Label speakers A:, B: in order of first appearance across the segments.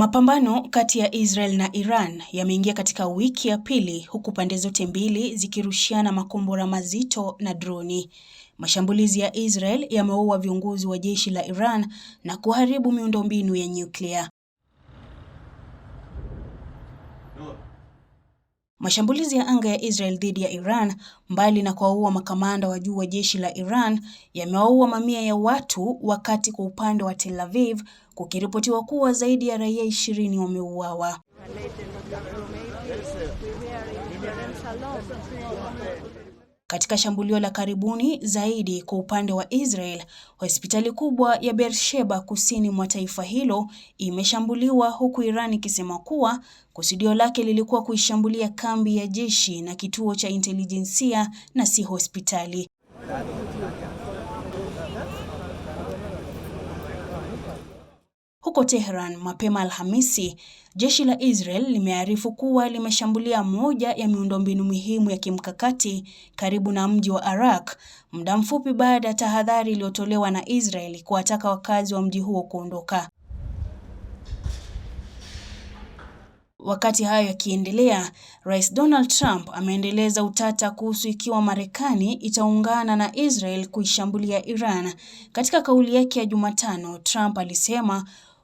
A: Mapambano kati ya Israel na Iran yameingia katika wiki ya pili huku pande zote mbili zikirushiana makombora mazito na droni. Mashambulizi ya Israel yameua viongozi wa jeshi la Iran na kuharibu miundombinu ya nyuklia. Mashambulizi ya anga ya Israel dhidi ya Iran, mbali na kuwaua makamanda wa juu wa jeshi la Iran, yamewaua mamia ya watu, wakati kwa upande wa Tel Aviv kukiripotiwa kuwa zaidi ya raia ishirini wameuawa. Katika shambulio la karibuni zaidi kwa upande wa Israel, hospitali kubwa ya Beersheba kusini mwa taifa hilo imeshambuliwa huku Iran ikisema kuwa kusudio lake lilikuwa kuishambulia kambi ya jeshi na kituo cha intelijensia na si hospitali. Huko Tehran mapema Alhamisi, jeshi la Israel limearifu kuwa limeshambulia moja ya miundombinu muhimu ya kimkakati karibu na mji wa Arak, muda mfupi baada ya tahadhari iliyotolewa na Israel kuwataka wakazi wa mji huo kuondoka. Wakati hayo yakiendelea, Rais Donald Trump ameendeleza utata kuhusu ikiwa Marekani itaungana na Israel kuishambulia Iran. Katika kauli yake ya Jumatano, Trump alisema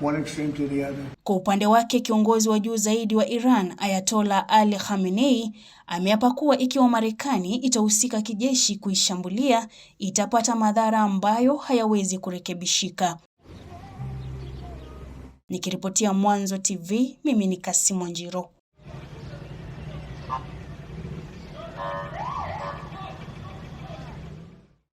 A: one extreme to the other. Kwa upande wake kiongozi wa juu zaidi wa Iran Ayatola Ali Khamenei ameapa kuwa ikiwa Marekani itahusika kijeshi kuishambulia itapata madhara ambayo hayawezi kurekebishika. Nikiripotia Mwanzo TV, mimi ni kasimu Njiro.